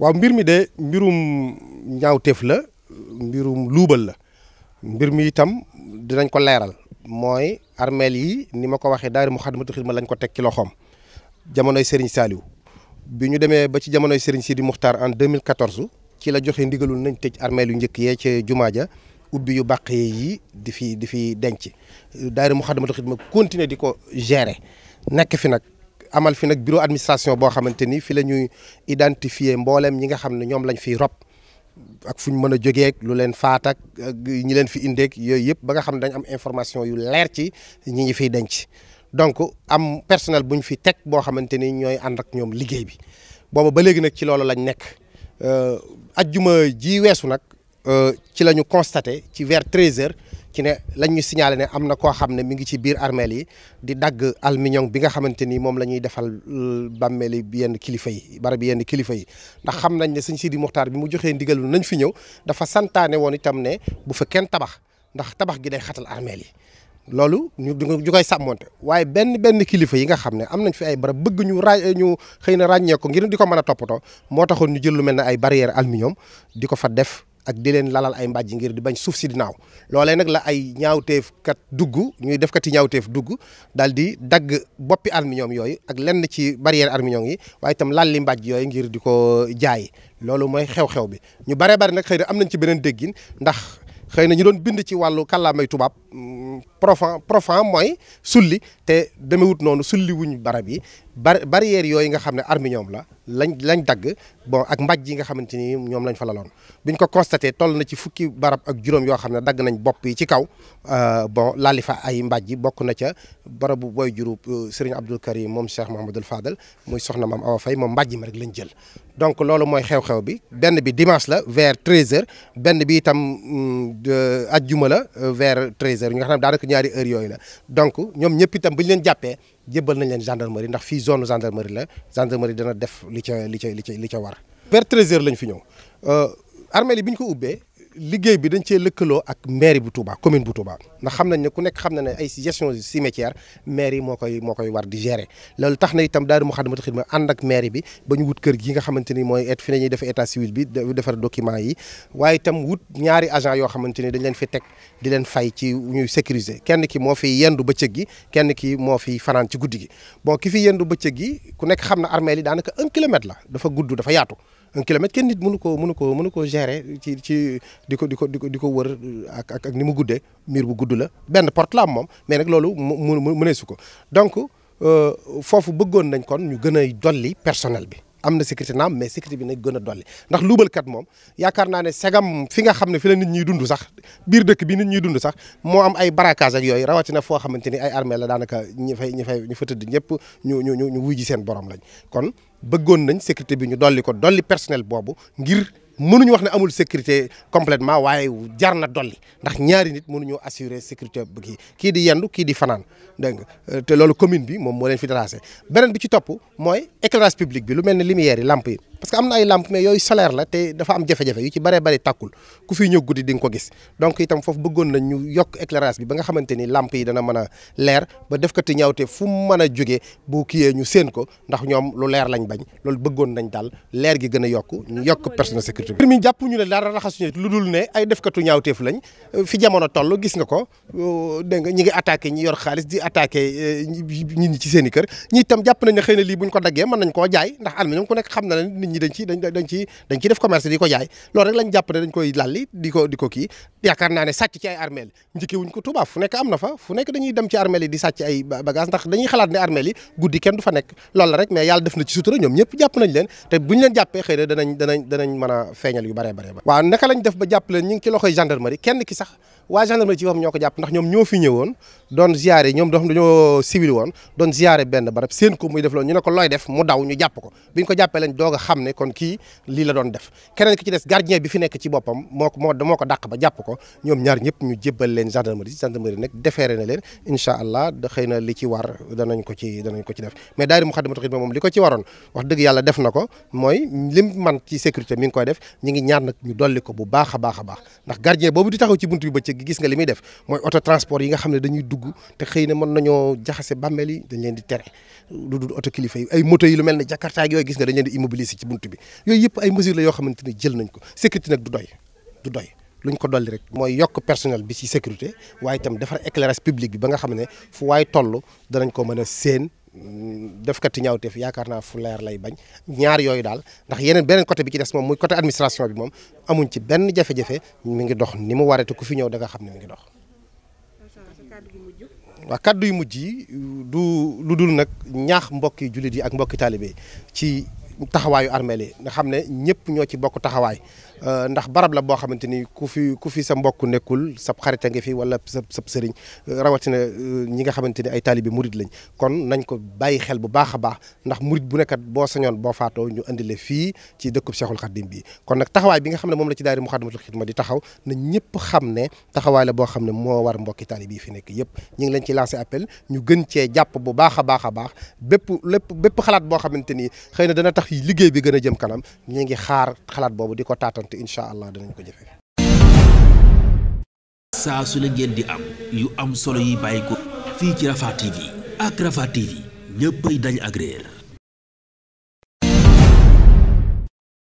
waaw mbir mi de mbirum ñaawteef la mbirum luubal la mbir mi itam dinañ ko leeral mooy armeel yi ni ma ko waxee daari mu xadmatu ma lañ ko teg ci loxoom jamonoy Serigne Saliou bi ñu demee ba ci jamonoy Serigne Sidi Muxtaar en 2014 ci la joxe ndigalul nañ tëj armeel yu njëkk yee ci jumaa ja ubbi yu bàq yi di fi di fi denc daari mu xadmatu xidma continuer di ko gérer nekk fi nag. amal fi nag bureau administration boo xamante ni fi la ñuy identifier mbooleem ñi nga xam ne ñoom lañ fiy rob ak fu ñu mën a jógeek lu leen faat ak ñi leen fi indeek yooyu yëpp ba nga xam ne dañ am information yu leer ci ñi ñi fiy denc donc am personnel bu ñu fi teg boo xamante ni ñooy ànd ak ñoom liggéey bi booba ba léegi nag ci loolu lañ nekk euh, ajjuma ji weesu nag euh, ci lañu ñu constaté ci vers 13 heures ci ne lañ ñu signalé ne am na koo xam ne mi ngi ci biir armeel yi di dagg aluminium bi nga xamante ni moom la ñuy defal euh, bàmmeeli yenn kilifa yi barab yenn kilifa yi ndax xam nañ ne sëñ Sidi Muxtaar bi mu joxee ndigalul nañ fi ñëw dafa santaane woon itam ne bu fa kenn tabax ndax tabax gi day xatal armeel yi loolu ñu ñu koy sàmmonte waaye benn benn kilifa yi nga xam ne am nañ fi ay barab bëgg ñu ra ñu xëy na ràññee ko ngir di ko mën a toppatoo moo taxoon ñu jël lu mel ne ay barrière aluminium di ko fa def ak di leen lalal ay mbàjj ngir di bañ suuf si di naaw loolee nag la ay ñaawteef kat dugg ñuy def kati ñaawteef dugg daal di dagg boppi armiñoom yooyu ak lenn ci barrière armiñoom yi waaye itam lal li mbàjj yooyu ngir di ko jaay loolu mooy xew-xew bi ñu bare bare nag xëy na am nañ ci beneen déggin ndax xëy na ñu doon bind ci wàllu kàllaamay tubaab mm, profan profan mooy sulli te demewut noonu sulli barab yi bar barrière yooyu nga xam ne armi la lañ lañ dagg bon ak mbàjj yi nga xamante ni ñoom lañ fa laloon biñ ko constaté toll na ci fukki barab ak juróom yoo xam ne dagg nañ bopp yi ci kaw euh, bon laali fa ay mbàjj bokk na ca barabu booy jurub euh, Serigne Abdou Karim moom Cheikh Mouhamadul Fadal muy soxna maam Awa Faye moom mbàjj mi lañ jël donc loolu mooy xew-xew bi benn bi dimanche la ver 13h benn bi itam mm, ajjuma la euh, vers 13h nga xam ne daanaka ñaari heure yooyu la donc ñoom ñëpp itam bu leen jàppee jëbbal nañ leen gendarmerie ndax fii zone gendarmerie la gendarmerie dana def li ca li ca li ca li ca war. vers 13h fi ñëw euh, armée li bi ñu ko ubbee. liggéey bi dañ cee lëkkaloo ak mairie bu Touba commune bu Touba ndax xam nañ ne ku nekk xam na ne ay gestion cimetière mairie moo koy moo koy war di gérer loolu tax na itam daal Moukhaddamatoul Khidma ànd ak mairie bi ba ñu wut kër gi nga xamante ni mooy et fi nañuy defee état civil bi defar document yi waaye itam wut ñaari agent yoo xamante ni dañ leen fi teg di leen fay ci ñuy sécuriser kenn ki moo fi yendu bëccëg gi kenn ki moo fi fanaan ci guddi gi bon ki fi yendu bëccëg gi ku nekk xam na armée li daanaka un kilomètre la dafa gudd dafa yaatu un kenn nit mënu ko mënu ko mënu ko gérer ci ci di ko di ko di ko di ko wër ak ak ak ni mu guddee miir bu gudd la benn porte la am moom mais nag loolu mu mu mëneesu ko donc euh, foofu bëggoon nañ kon ñu gën a dolli personnel bi. am na sécurité naam mais sécurité bi nag gën a dolli ndax luubalkat moom yaakaar naa ne segam fi nga xam ne fi la nit ñuy dund sax biir dëkk bi nit ñuy dund sax moo am ay barakaas ak yooyu rawatina foo xamante ni ay armée la daanaka ñi fay ñu fa tëdd ñëpp ñu ñu ñu wuy ji seen borom lañ kon. bëggoon nañ sécurité bi ñu dolli ko dolli personnel boobu ngir mënuñu wax ne amul sécurité complètement waaye jar na dolli ndax ñaari nit mënuñoo assurer sécurité bu kii kii di yendu kii di fanaan dégg nga euh, te loolu commune bi moom moo leen fi tracé beneen bi ci topp mooy éclairage public bi lu mel ni lumière yi lamp yi parce que am na ay lamp mais yooyu solaire la te dafa am jafe-jafe yu ci bëree bëri tàkkul ku fi ñëw guddi di nga ko gis donc itam foofu bëggoon nañ ñu yokk éclairage bi ba nga xamante ni làmp yi dana mën a leer ba def ko te ñaawte fu mu mën a jógee bu kiyee ñu séen ko ndax lu leer lañ bañ loolu bëggoon nañ daal gi gën a yokk ñu yokk personnel bi. mbir mi jàpp ñu ne dara raxasuñu lu dul ne ay defkatu ñaawteef toll gis nga ko euh, dégg nga ñi ngi attaqué ñi yor xaalis euh, i kër ñi itam nañ lii buñ ko daggee mën nañ koo jaay ndax almi ñoom ku nekk xam na ne nit ñi dañ ci dañ dañ ci dañ ciy def commerce di ko jaay loolu rek lañ jàpp ne dañ koy lalli di ko kii yaakaar naa ne sàcc ci ay armeel njëkkee wuñ ko Tuubaa fu nekk am na fa fu nekk dañuy dem ci armeel yi di sàcc ay bagage ndax dañuy xalaat ne armeel yi guddi kenn du fa nekk loolu rek mais yàlla def na ci sutura ñoom ñëpp jàpp nañ leen te buñ leen jàppee xëy na danañ danañ danañ feeñal yu bare bare ba waaw naka lañ def ba jàpp leen ñu ngi ci loxoy gendarmerie kenn ki sax waa gendarmerie ci boppam ñoo ko jàpp ndax ñoom ñoo fi ñëwoon doon ziare ñoom doon woon doon ziare benn barab seen ko muy def loolu ñu ne looy def mu daw ñu jàpp ko bi ñu ko jàppee lañ doog a ne kon kii lii la doon def keneen ki ci des gardien bi fi nekk ci boppam moo ko moo ko dàq jàpp ko ñoom ñaar ñëpp ñu jébbal leen gendarmerie gendarmerie nag defeere na leen incha allah xëy na li ci war danañ ko ci danañ ko ci def mais daayira moom li ko ci waroon wax dëgg yàlla def na ko mooy lim man ci sécurité mi ngi koy def ñi ngi ñaan nag ñu dolli ko bu baax a baax a baax ndax gardien boobu di taxaw ci buntu bi bëccëg gi gis nga li muy def mooy auto transport yi nga xam ne dañuy dugg te xëy na mën nañoo jaxase bàmmeel yi dañ leen di tere lu dul auto kilifa yi ay moto yi lu mel ne jakarta ak yooyu gis nga dañ leen di immobiliser ci buntu bi yooyu yëpp ay mesures la yoo xamante ne jël nañ ko sécurité nag du doy du doy luñ ko dolli rek mooy yokk personnel bi ci sécurité waaye itam defar éclairage public bi ba nga xam ne fu waay toll danañ ko mën a seen def defkati ñaawteef yaakaar naa fu leer lay bañ ñaar yooyu daal ndax yeneen beneen côté bi ci des moom muy côté administration bi moom amuñ ci benn jafe-jafe mi ngi dox ni mu waree te ku fi ñëw danga xam ne mi ngi dox. waaw kàddu yu mujj yi du lu dul nag ñaax mbokki jullit yi ak mbokki taalibe yi ci taxawaayu armeel yi nga xam ne ñëpp ñoo ci bokk taxawaay euh, ndax barab la boo xamante ni ku fi ku fi sa mbokk nekkul sab xarita ngi fi wala sa sab sëriñ euh, rawatina euh, ñi nga xamante ni ay taalibi murit lañ kon nañ ko bàyyi xel bu baax a baax ndax murit bu nekkat boo sañoon boo faatoo ñu andile fii ci dëkku dëkkub Cheikhul Khadim bi kon nag taxawaay bi nga xam ne moom la ci daari Muxaddamatul Xidma di taxaw na ñëpp xam ne taxawaay la boo xam ne moo war mbokki taalibi yi fi nekk yëpp ñu ngi leen ci lancé appel ñu gën cee jàpp bu baax a baax a baax bépp lépp xalaat boo xamante ni tax liggéey bi gën a jëm kanam ñu ngi xaar xalaat boobu di ko taatante incha allah danañ ko jëfee. saa su la ngeen di am yu am solo yuy bàyyi ko fii ci Rafah TV ak Rafah TV ñëppay dañ agréer